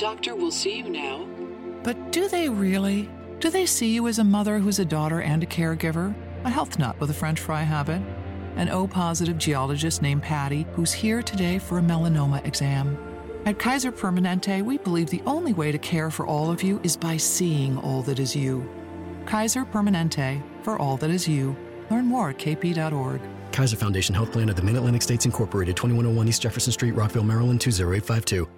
doctor will see you now. But do they really? Do they see you as a mother who's a daughter and a caregiver? A health nut with a french fry habit? An O positive geologist named Patty who's here today for a melanoma exam. At Kaiser Permanente, we believe the only way to care for all of you is by seeing all that is you. Kaiser Permanente, for all that is you. Learn more at kp.org. Kaiser Foundation Health Plan of the Mid Atlantic States Incorporated, 2101 East Jefferson Street, Rockville, Maryland, 20852.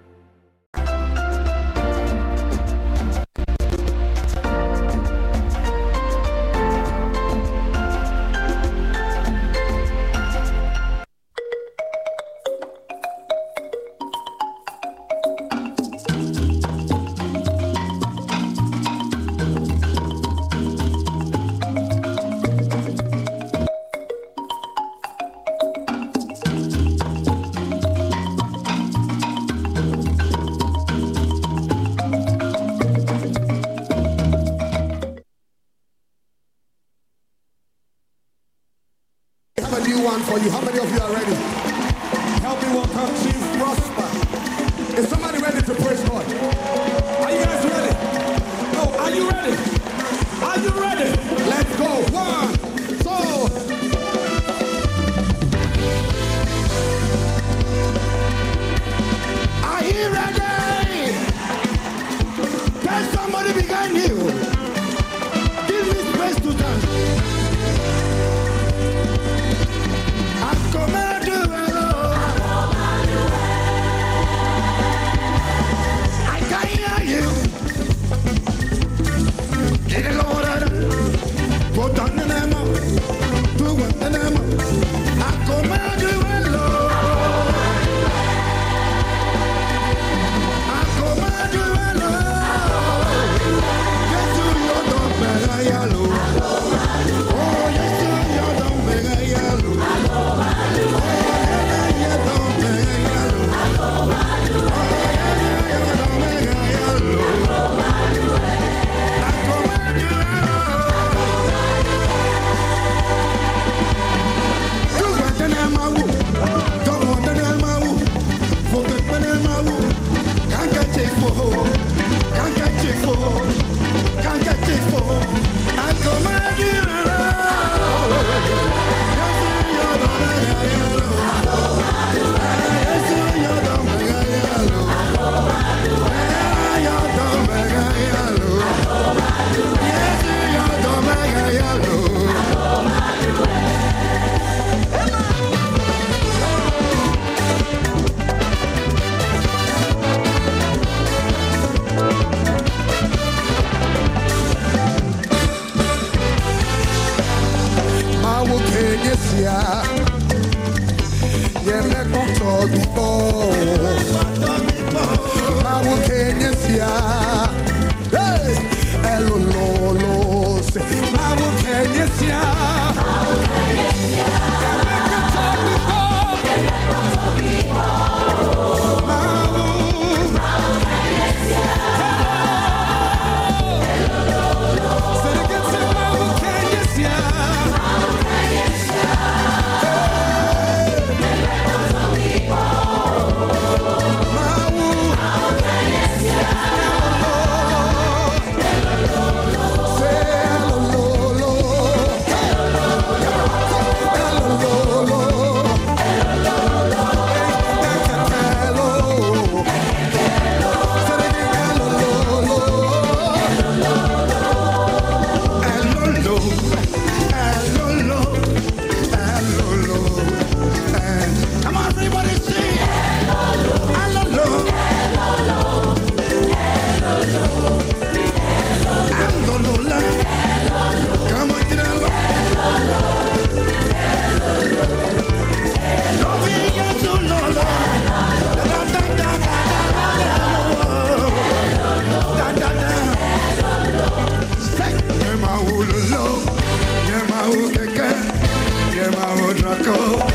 Draco,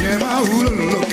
Nema Ululu.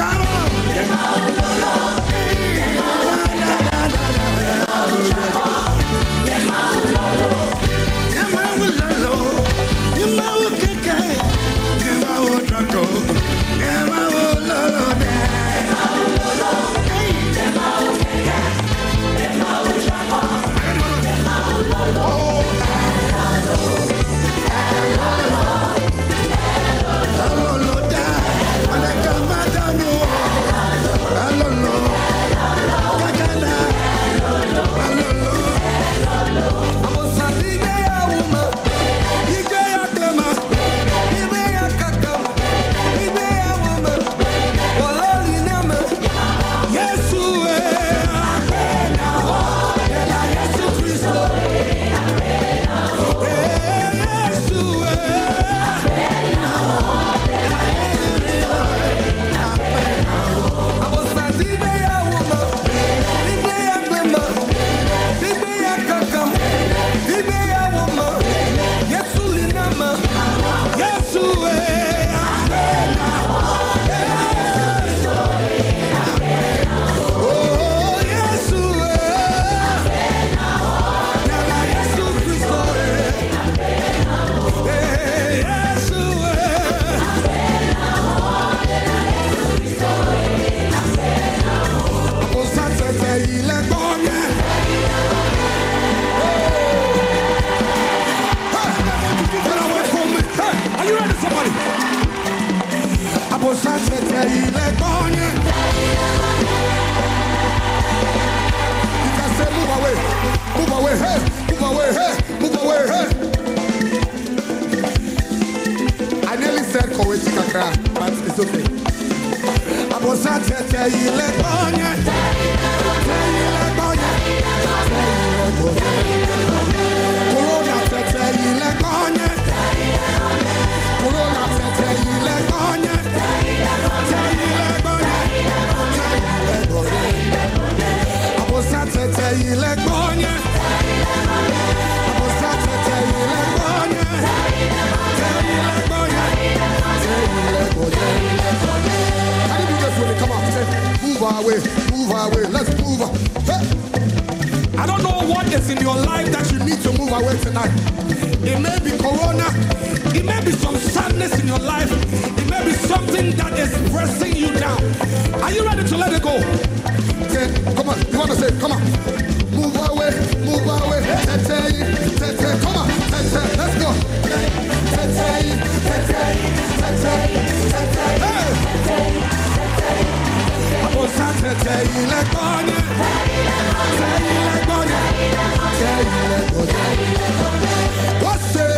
way, move away, let's move. Hey. I don't know what is in your life that you need to move away tonight. It may be corona, it may be some sadness in your life, it may be something that is pressing you down. Are you ready to let it go? Okay, come on, you want to say, come on. Move away, move away, come on, let's go. hey musa tẹ̀tẹ̀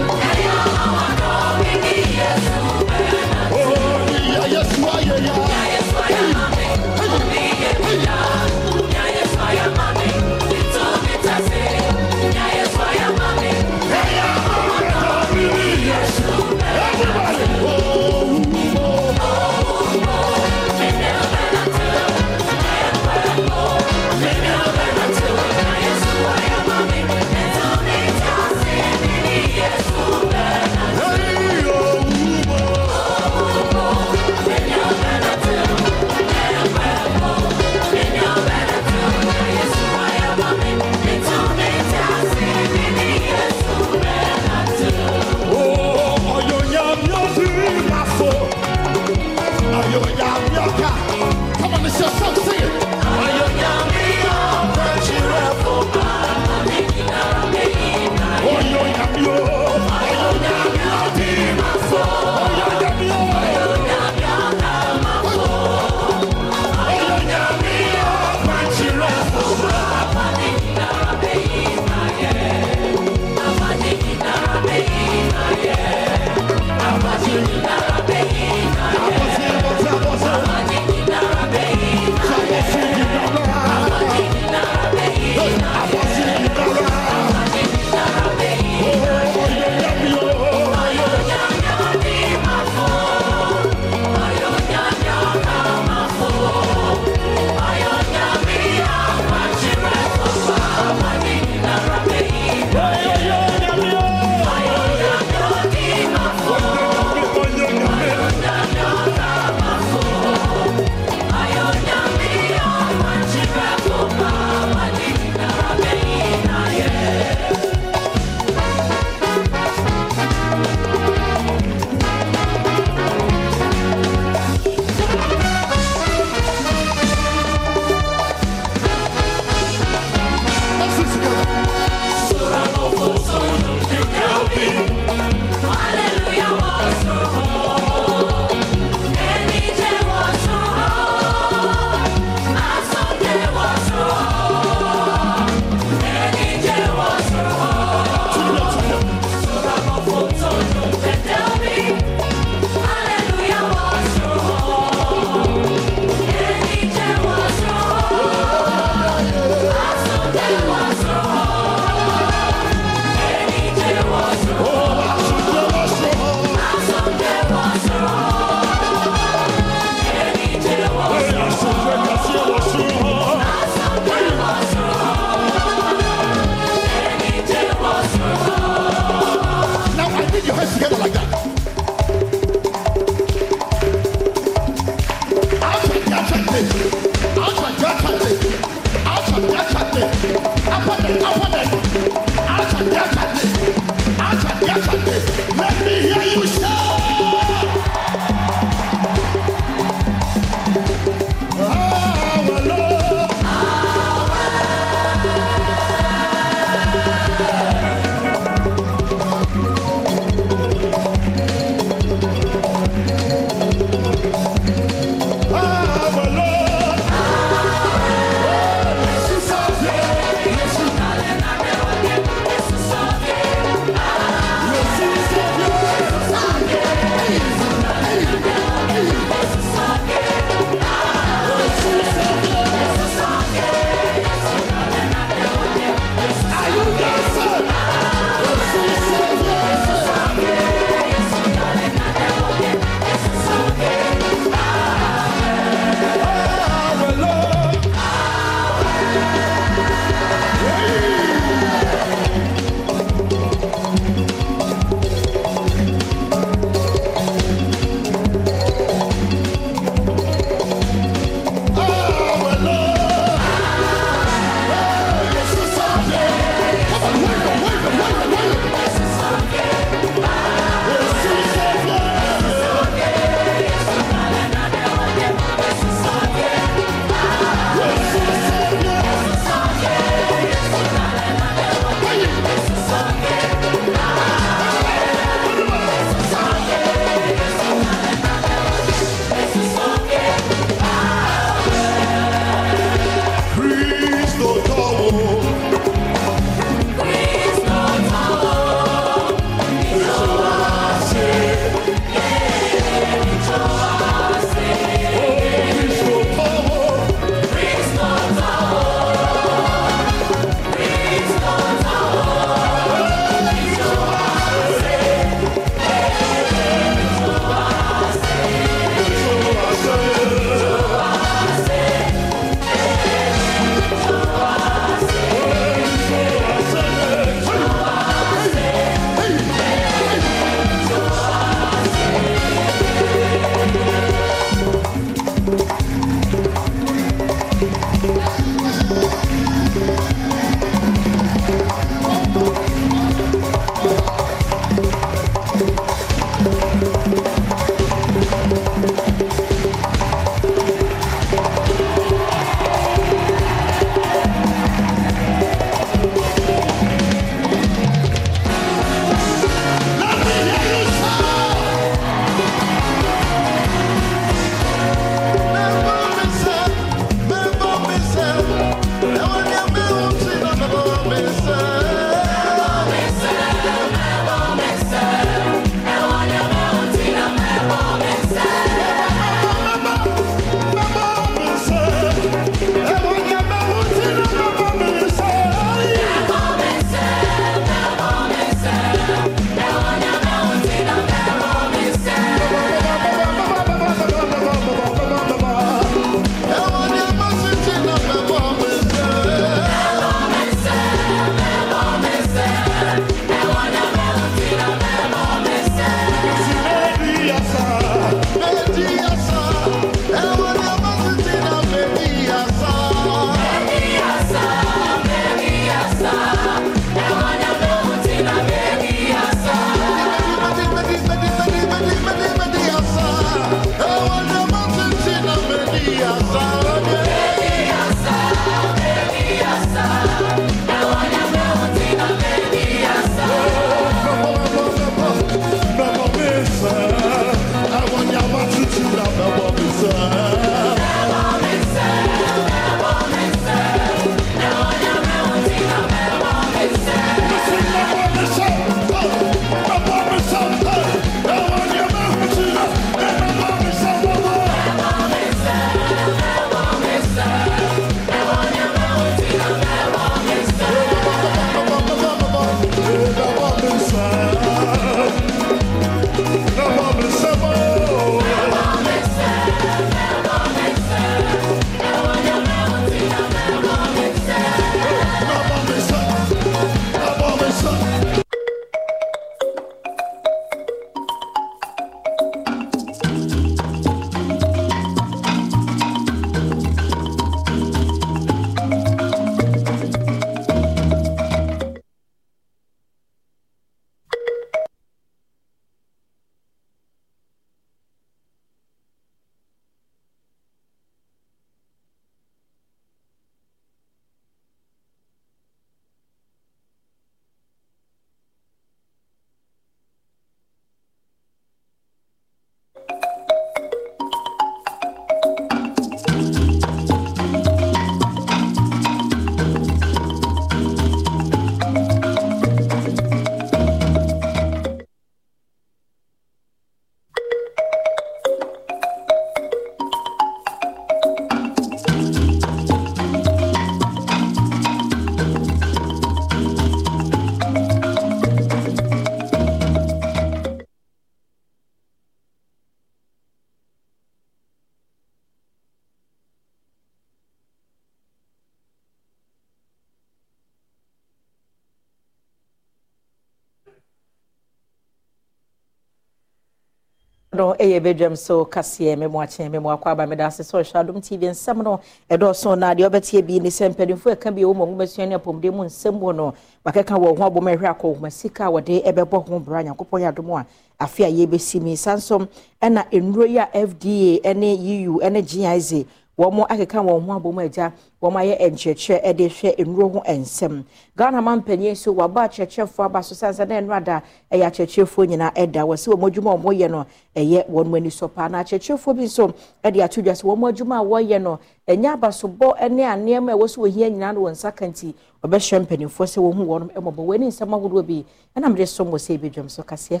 no ɛyɛ badwam so kaseɛ mɛmu akyɛn mɛmu akɔ aba mɛda ase sɛ ɔhwɛ adom tv nsɛm no ɛdɔɔso na deɛ ɔbɛteɛ bi ne sɛ mpanimfo ɛka bi ɛwɔ mu ɔnwomasua ne apɔmuden mu nsɛm wɔ no wakɛka wɔ ho abom ɛhwɛ akɔ ɔhoma sika a wɔde ɛbɛbɔ ho bra nyankopɔn yɛ adom a afe e a yɛbɛsi mi sa nso ɛna nnuro yi a fda ne eu ne giz wɔn akeka wɔn ho abom agya e wɔayɛ nkyerɛkyerɛ de hwɛ nnuro ho nsɛm ghana ma mpanyin nso wɔaba akyerɛkyerɛfoɔ aba so sansa na ɛno ada ɛyɛ akyerɛkyerɛfoɔ nyinaa da wɔ wɔn adwuma a wɔyɛ no ɛyɛ wɔn ani sɔ paa na akyerɛkyerɛfoɔ bi nso de ato dwa sɛ wɔn adwuma a wɔyɛ no ɛnyɛ abasobɔ ne a nneɛma a ɛwɔ so wɔhia nyinaa no wɔn nsa ka nti ɔbɛhyɛ mpanimfoɔ sɛ wɔn ho wɔn mmɔbɔ wɔn ani nsɛm ahodoɔ bi ɛna mede so mmɔ sɛ ebi dwam so kaseɛ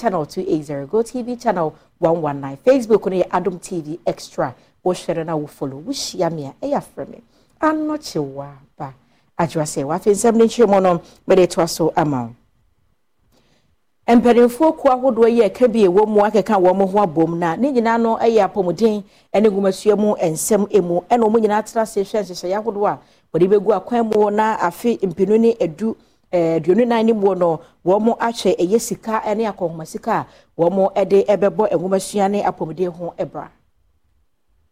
channel 280 go tv facebook no yɛ tv extra wohwere na wofolo wohyia me a ɛyɛ afrɛ me anɔkye waaba adwewa sɛ waafei nsɛm no nkyerɛ mu no mede toa so ama wo mpanimfoɔ kuo ahodoɔ yi ɛka bi ɛwɔ mu akeka wɔn ho abom na ne nyinaa no yɛ apɔmuden ne gumasua mu nsɛm mu ɛna wɔn nyinaa tena ase hwɛ nhyehyɛeɛ ahodoɔ a wɔde bɛgu akwan mu na afe mpinu ne edu eh, aduonu nan ne mu no wɔn ahyɛ ɛyɛ sika ne akɔnhoma sika a wɔn de bɛbɔ ngumasua ne apɔmuden ho bra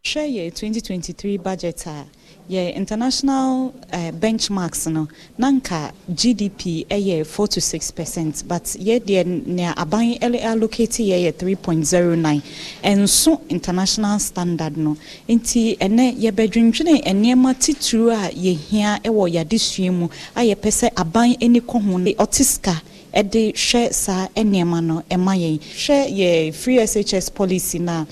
hwɛ yɛ 2023 budget a yɛ international uh, benchmarks no nanka nka gdp yɛ four to six percent but yɛdeɛ nea aban allocate yɛ yɛ 3.09 ɛnso international standard no nti ɛnɛ yɛbɛdwendwene nneɛma titiri a yɛhia wɔ yɛadesua mu a yɛpɛ sɛ aban ani kɔ ho no ɔte sika ɛde hwɛ saa nneɛma no ɛma yɛn hwɛ yɛ free shs policy no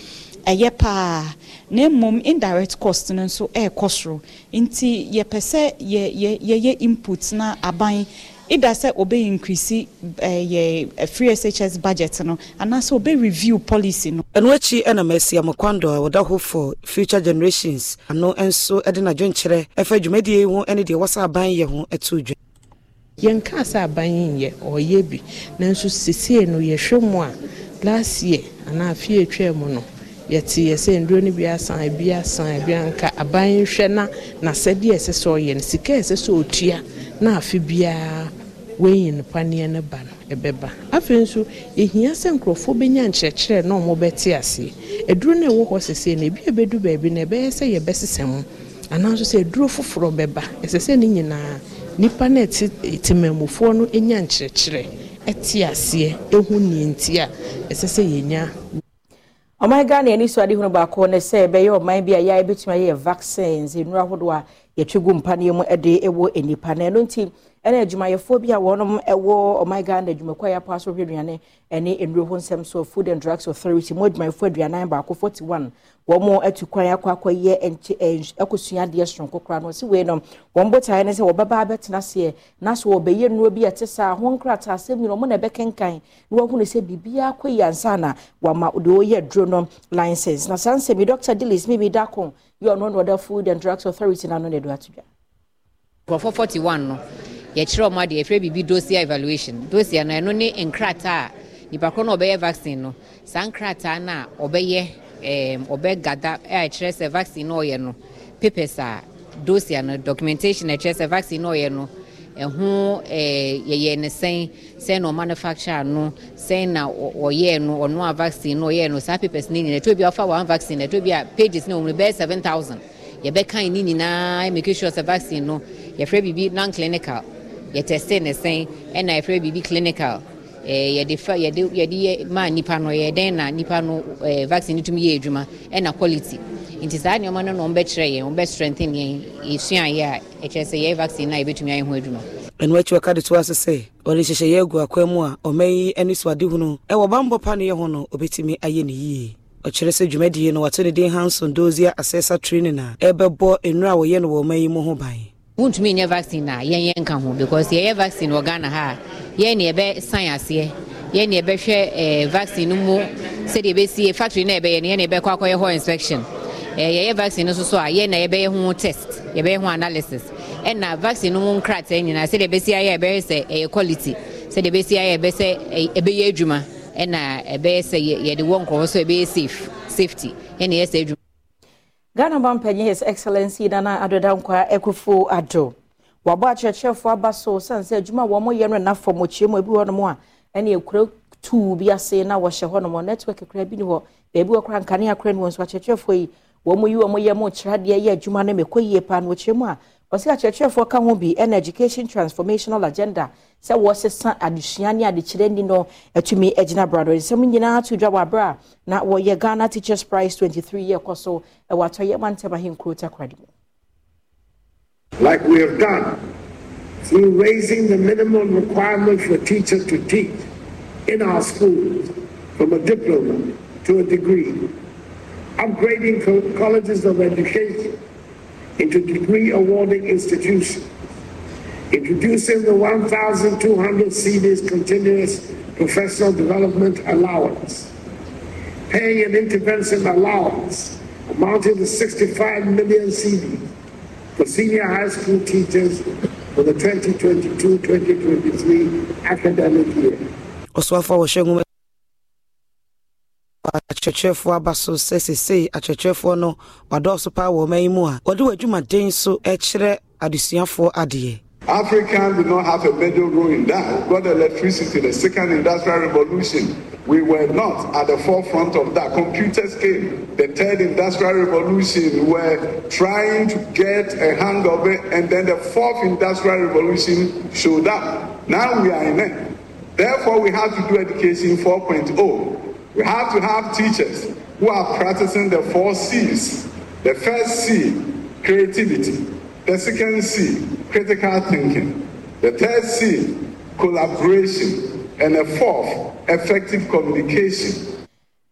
ɛyɛ paa na mmom indirect cost no nso ɛrekɔ soro nti yɛpɛ sɛ yɛyɛ input na aban ida sɛ obe increase ɛyɛ uh, free shs budget no anaasɛ obe review policy no. ɛno akyi ɛna mɛsia mo kwando a wɔda hɔ for future generations ano nso ɛde n'adwenkyerɛ ɛfɛ dwumadie ho ɛne deɛ wɔsa aban yɛ ho ɛto dwa. yɛnkaa sɛ aban yi yɛ ɔyɛ bi nanso sesie no yɛhwɛ mu a last year anaa afei atwa mu no yɛte yɛ sɛ nduro no bi asan ebi asan ebi anka aban hwɛ na n'asɛdeɛ ɛsɛ sɛ ɔyɛ no sika ɛsɛ sɛ otua na afe biara wɔnyi no paneɛ no ba no ɛbɛba afei nso ehia sɛ nkurɔfoɔ bɛnya nkyerɛkyerɛ na ɔmo bɛte aseɛ eduro no ɛwɔ hɔ sese no ebi ebedu beebi na ɛbɛyɛ sɛ yɛbɛsesa mu anaasɛ sɛ eduro foforɔ bɛba ɛsɛ sɛ ne nyinaa nipa na ɛte temamufoɔ no enya nkyerɛkyerɛ ɛte aseɛ ehu nea a ɛsɛ sɛ yɛnya. ɔman ghana ani so ade hunu baako ne sɛ ɛbɛyɛ ɔman bi a yɛa yɛbɛtumi ayɛ vaccines nnuro ahodoɔ a yɛtwe gu mpa no mu de wɔ nnipa no ɛno nti ɛna adwumayɛfoɔ bi a wɔnom ɛwɔ ɔman oh ghana adwumakuo a yɛapɔ asɔrɔ aduane ɛne nnuro ho nsɛm so food and drugs authority mu adwumayɛfoɔ aduanan baako forty one wɔn atu kwan akɔ akɔyɛ ɛnkyɛ ɛnhyɛ ɛkosua adeɛ soronko koraa no ɔsi wei no wɔn botaeɛ ne sɛ wɔbɛba abɛtena seɛ n'aso wɔbɛyɛ nnuro bi ɛte saa ho nkrataa asɛm nyinaa wɔn na ɛbɛkenkan na wɔn ho ne sɛ biribiara akɔ yɛ ansa na wɔama deɛ ɔyɛ duro no license na saa nsɛm yi dr dilis mimi dako yɛ ɔno na ɔda food and drugs authority n'ano na ɛdo ato dwa. nkurɔfoɔ forty one no yɛkyerɛ ɔmo adeɛ yɛfrɛ biribi dosia evaluation dosia no ɛno ne nkrataa a nipa korɔ no ɔbɛyɛ vaccine no saa nkrataa no a ɔbɛyɛ ɛɛm ehm, ɔbɛgada a ɛkyerɛ sɛ vaccine no ɔyɛ no papers a dosia no documentation a ɛkyerɛ sɛ vaccine no ɔyɛ no ɛho ɛɛ eh, yɛyɛ ne sɛn sɛn na ɔmanufacturer no sɛn na ɔyɛɛ no ɔno a vaccine no ɔyɛɛ no saa papers ne nyinaa ɛtɔ ɔfa one vaccine ɛtɔ bi a pages ne wɔn bɛyɛ seven thousand yɛbɛkan ne nyinaa make sure sɛ vaccine no yɛfrɛ biribi non clinical yɛtɛste ne sɛn ɛna yɛfrɛ biribi clinical yɛde fa yɛde yɛde yɛ maa nipa no yɛ na nipa no ɛɛ vaccine tumi yɛ adwuma ɛna quality nti saa nneɛma no na wɔn bɛkyerɛ yɛn wɔn bɛ strengthen yɛn yɛsua yɛ a ɛkyerɛ sɛ yɛyɛ vaccine na yɛbɛtumi ayɛ ho adwuma. ɛno akyi wɔka de to ase sɛ ɔde nhyehyɛeɛ agu akwan mu a ɔma yi ne soadehunu ɛwɔ bammɔ pa no yɛ ho no ɔbɛtumi ayɛ ne yie ɔkyerɛ sɛ dwumadie no wato ne din hanson dosia asɛsa training a ɛbɛbɔ nnura a wɔyɛ no wɔ ɔma yi mu ho ban wontumi nyɛ vaccine na yɛn yɛn ho because yɛyɛ vaccine wɔ ghana ha yɛn na yɛbɛ san aseɛ yɛn na yɛbɛhwɛ vaccine no mu sɛdeɛ yɛbɛsi factory na yɛbɛyɛ no yɛn na yɛbɛkɔ akɔyɛ hɔ inspection ɛɛ eh, yɛyɛ vaccine no nso so a yɛn na yɛbɛyɛ ho test yɛbɛyɛ ho analysis ɛna vaccine no mu nkrataa nyinaa sɛdeɛ yɛbɛsi ayɛ yɛbɛyɛ sɛ ɛyɛ quality sɛdeɛ yɛbɛsi ayɛ yɛbɛsɛ ɛbɛyɛ adwuma ɛna ɛbɛyɛ sɛ yɛde wɔ nkɔwɔ safe safety yɛn na ghana bampanyin his excellency nana adoda nkwa akufo ado wabɔ akyerɛkyerɛfoɔ aba so sane sɛ adwuma a wɔn yɛ no nafɔ mɔkyia mu ebi wɔ nom a ɛne ekura tuu bi ase na wɔhyɛ hɔ nom network kura bi ni hɔ beebi wɔ kora nkanea kora ni wɔn nso akyerɛkyerɛfoɔ yi wɔn yi wɔn yɛ mo kyerɛ adeɛ yɛ adwuma no mɛkɔ yie paa na wɔkyerɛ mu a ɔsi akyerɛkyerɛfoɔ ka ho bi ɛna education transformational agenda sɛ wɔsesa no atumi agyina brado nsɛm nyinaa to dwa a na wɔyɛ ghana teachers prize 23 so ɛwɔ atɔyɛ mantam ahenkuro mu like we have done through raising the minimum requirement for teachers to teach in our schools from a diploma to a degree upgrading co colleges of education into degree awarding institutions, introducing the 1,200 CDs continuous professional development allowance, paying an intervention allowance amounting to 65 million CDs for senior high school teachers for the 2022-2023 academic year. akyerɛkyerɛfoɔ aba so sɛ sesei akyerɛkyerɛfoɔ no wadɔɔso paa wɔ ɔma yi mu a wɔde w'adwumaden so kyerɛ adesuafoɔ adeɛ Africans did not have a major role in that. Got electricity, the second industrial revolution. We were not at the forefront of that. Computers came, the third industrial revolution. We were trying to get a hang of it, and then the fourth industrial revolution showed up. Now we are in it. Therefore, we have to do education 4.0. We have to have teachers who are practicing the four C's. The first C, creativity. The second C, critical thinking. The third C, collaboration. And the fourth, effective communication.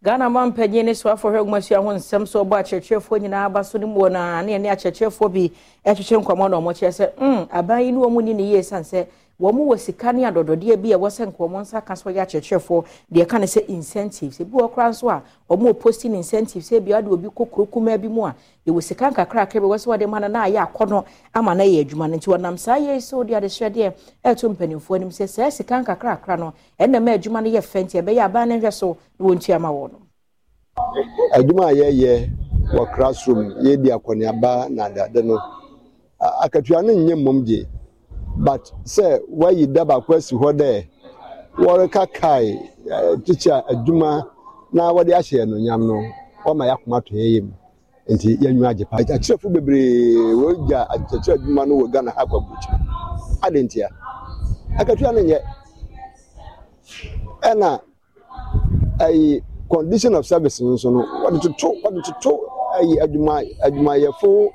ghana ma mpanyin ne so afɔhwɛ agumasua ho nsɛm so ɔbɔ akyerɛkyerɛfoɔ nyinaa aba so no mu wɔ a ne ɛne akyerɛkyerɛfoɔ bi ɛtwetwe nkɔmmɔ na ɔmɔkyerɛ sɛ aban yi ne ɔmu ni ne yie sane sɛ wɔn wɔ sika ne adɔdɔdeɛ bi a ɛwɔ sɛ nka wɔn nsa ka so yɛ akyerɛkyerɛfoɔ deɛ ɛka ne sɛ incentives ebi wɔ koraa nso a wɔn reposti ne incentives ebi ɔde obi kɔ kuro kumaa bi mu a yɛwɔ sika nkakrakra bi wɔ sɛ wɔde ma no na ayɛ akɔnɔ ama no ayɛ adwuma no nti wɔnam saa yɛ sɛ wɔde adehyerɛdeɛ ɛɛto mpanimfoɔ anim sɛ saa sika nkakrakra no ɛnam adwuma no yɛ fɛ ɛbɛyɛ aban no hwɛ so na wɔntua ma wɔn. adwuma a yɛyɛ wɔ classroom yɛdi akɔneaba na adade no akatua but sɛ wayi da baako asi hɔ dɛ wɔreka kae tikya adwuma na wɔde ahyɛ ɛnonyam no wɔma yɛakoma to yɛyɛ mu nti yɛnwa agye pa akyerɛfo bebree wɔgya akyerɛkyerɛ adwuma no wɔ ghana ha abukyi ade ntia akatua no nyɛ ɛna condition of service nso no wɔde toto wɔde toto adwuma adwumayɛfo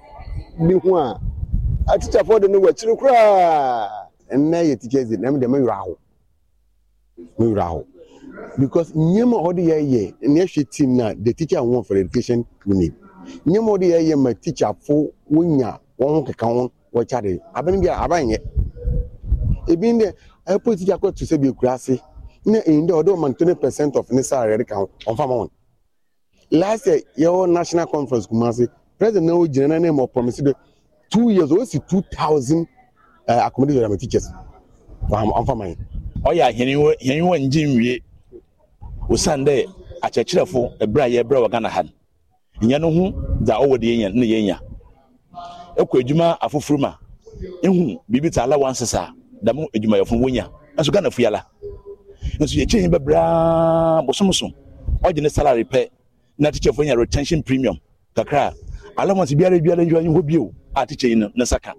bi ho a atikyafoɔ de no wɔ akyiri koraa nnɛ yɛ teachers day na mu deɛ mɛwerɛ aho mɛwerɛ aho because nneɛma a ɔde yɛyɛ nea ɛhwɛ team na the teacher I want for education we need nneɛma a ɔde yɛyɛ ma teacherfo wonya wɔn ho keka wɔn wɔkya de abɛn bi a abanyɛ ebi ne ɛpo teacher kɔ to sɛ bi ekura ase na eyin dɛ ɔde ɔman twenty percent of ne salary de ka ho ɔnfa ma wɔn last year yɛwɔ national conference kumase president náà gyina n'anim ɔpromise de. two years o two thousand uh, accommodation my teachers I'm farming. ɔyɛ aheniwe aheniwe ngye nwie osan dɛ akyerɛkyerɛfo ɛbrɛ a yɛbrɛ wɔ ghana ha no nyɛ no ho dza ɔwɔ de yɛnya ne yɛnya ɛkɔ adwuma afoforo ma ehu biribi ta alawa nsesa dam adwumayɛfo wonya nso ghana fo yala nso yɛkyɛ hin bɛbraa ọ ɔgye ne salary pɛ na tekyɛfo nya retention premium kakra allowance biara biara nyiwa nyi hɔ bio a tikyɛ yi no ne nsa ka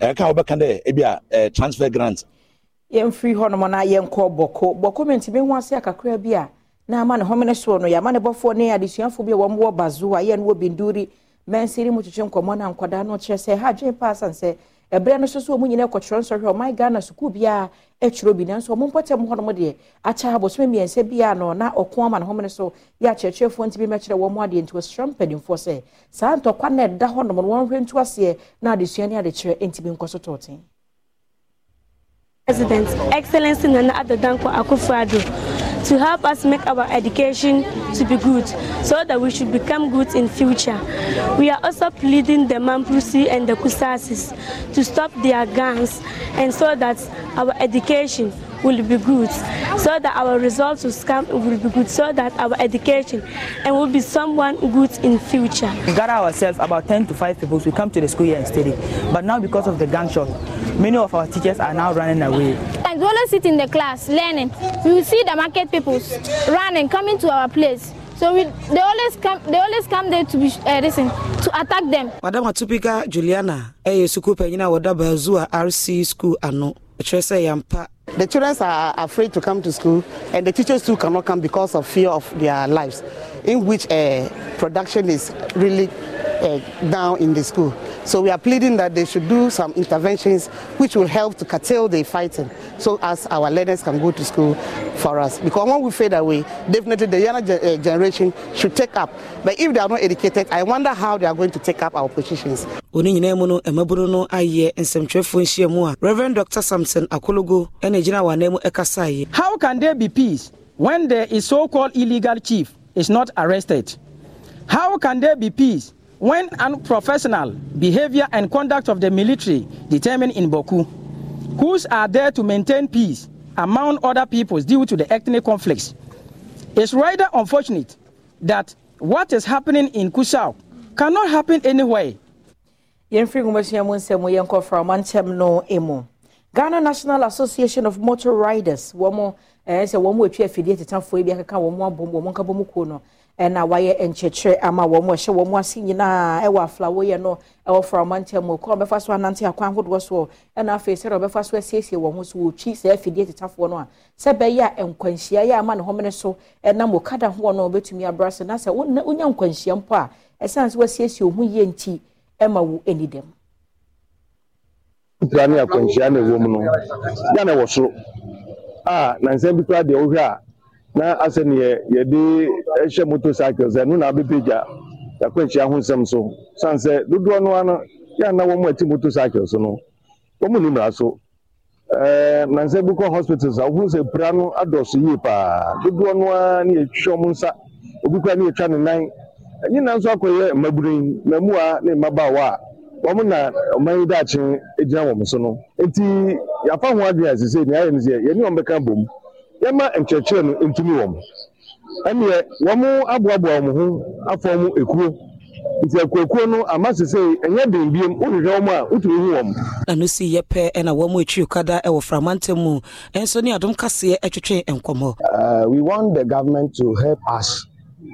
ɛka dɛ ebi a transfer grant yɛmfiri hɔnom na yɛnkɔ bɔko bɔko mentimi ho ase akakra bi a na ama ne homene soɔ no yɛama ne bɔfoɔ ne adesuafoɔ bi a wɔmwɔ bazo a yɛ wɔ binduri mansiri mu twetwe nkɔmmɔ no ankwadaa no kyerɛ sɛ ha adwene paa sane ɛberɛ no so so ɔmu nyinaa kɔkyerɛ nsɔhwɛ ɔman ghana sukuu a atwerɛ bi nanso ɔmo mpɔtam hɔnom deɛ akyɛ abosome mmiɛnsa biara no na ɔko ama ne homene so yɛ akyerɛkyerɛfoɔ nti bi mɛkyerɛ wɔn adeɛ nti wɔsrɛ mpanimfoɔ sɛ saa ntɔkwa na ɛda hɔnom no wɔnhwɛ ntu aseɛ na adesua ne adekyerɛ nkɔ so President, Excellency Nana to help us make our education to be good so that we should become good in future. We are also pleading the Mampusi and the Kusasis to stop their guns and so that our education will be good, so that our results will come. Will be good, so that our education and will be someone good in future. We gather ourselves about 10 to 5 people, so we come to the school here and study. But now because of the gunshot, many of our teachers are now running away. As we only sit in the class learning, we will see the market people running, coming to our place. So we, they always come. They always come there to be uh, listen to attack them. Madam Atupika Juliana, ɛyɛ sukuu panyin a wɔda Bazua RC school ano. Ɛkyerɛ yampa. The children are afraid to come to school, and the teachers too cannot come because of fear of their lives, in which uh, production is really uh, down in the school. So we are pleading that they should do some interventions which will help to curtail the fighting so as our learners can go to school for us. Because when we fade away, definitely the younger eh, generation should take up. But if they are not educated, I wonder how they are going to take up our positions. reverend dr samson akologo ɛna gyina how can there be peace when the so-called illegal chief is not arrested how can there be peace when unprofessional behavior and conduct of the military determine in Boku, whose are there to maintain peace among other peoples due to the ethnic conflicts. It's rather unfortunate that what is happening in Kusau cannot happen anywhere. yɛmfiri nwomasuya mu nsɛm mu no mu ghana national association of motor riders wɔn ɛɛ eh, sɛ wɔn atwi afidie tetafoɔ bi akeka wɔn abom wɔn nkabom kuo na wayɛ nkyerɛkyerɛ ama wɔn a ɛhyɛ wɔn ase nyinaa ɛwɔ aflawoyɛ no ɛwɔ frama ntɛm mu kora ɔbɛfa so anante akwan ahodoɔ soɔ ɛna afei sɛdeɛ ɔbɛfa so asiesie wɔn ho so wɔtwi sɛ afidie tetafoɔ no a sɛ bɛyɛ a nkwanhyia yɛ ama ne homene so ɛnam okada ho no ɔbɛtumi abra so na sɛ wonya nkwanhyia mpo a ɛsan so wasiesie wo ho yie nti ɛma wo ani dɛm ntira ne akwanhyia na ewom no ya na ɛwɔ soro a na nsɛm bi koraa deɛ wohwɛ a na asɛ neɛ yɛde ɛhyɛ motorcycle sɛ no na abɛpagya yɛakwanhyia ho nsɛm so sane sɛ dodoɔ no a no yɛana wɔm ati motorcycle so no wɔm ni mmara so eh, nansɛ bi kɔ hospital sa wohu sɛ pira no adɔso yie paa dodoɔ no a ne yɛtwɛ ɔm nsa obi kora ne yɛtwa ne nan ɛnyina nso akɔyɛ mmabunu mmamua ne mmabaawa a wɔn na ɔman yi daakye gyina wɔn so no nti yɛafa ho adwene a sisei nea ayɛ no sɛ yɛne wɔn bɛka bom yɛma nkyerɛkyerɛ no ntumi wɔm ɛneɛ wɔn aboaboa wɔn ho afɔ wɔn ekuo nti akuakuo no ama sese ɛnyɛ den biem wohwehwɛ wɔn a wotumi hu wɔn. ɛno si yɛ pɛ ɛna wɔn etwi kada ɛwɔ framante mu ɛnso ne adom kaseɛ ɛtwitwe nkɔmɔ. Uh, we want the government to help us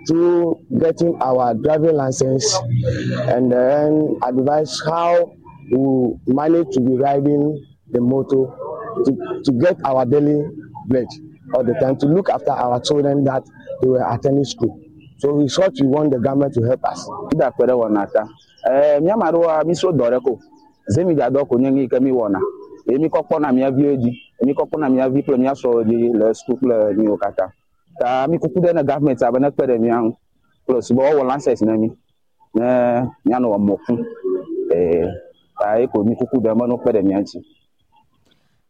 through getting our driving license and then advise how we manage to be riding the motor to, to get our daily bread all the time to look after our children that they were attending school. So we thought we want the government to help us. Ida kwere wona ta. Eh mi amaru wa so dore ko. Ze mi gado ko nyengi ke mi wona. Emi kokpo na mi avi oji. Emi kokpo na mi avi pro mi aso di le school le mi okata. Ta mi kuku de na government abana kwere mi an. Plus bo wo lances na mi. Na mi anu wa mofu. Eh ta e ko mi kuku de ma no kwere mi anchi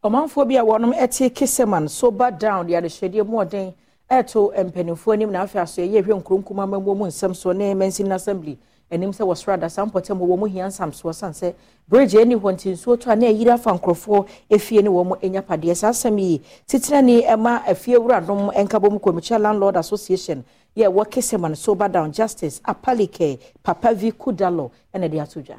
ɔmanfoɔ bi a wɔnom te keseman sober down de adehyɛdeɛ mu ɔden ɛto mpanimfoɔ anim na afei aso yɛyɛ hwɛ nkuronkum amammuo mu nsɛm so ne mansin assembly anim sɛ wɔsoro adasa mpɔtam wɔ mu hia nsamsoɔ san sɛ bridge ani hɔ nti nsuo tɔ a na ayiri afa nkurɔfoɔ efie ne wɔn anya padeɛ saa asɛm yi titira ni ɛma afie wuranom nkabom kɔmikyia landlord association yɛ wɔkese man sober down justice apalike papa vi kudalo ɛna de ato dwa.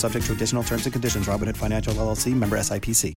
subject to additional terms and conditions. Robinhood Financial LLC, member SIPC.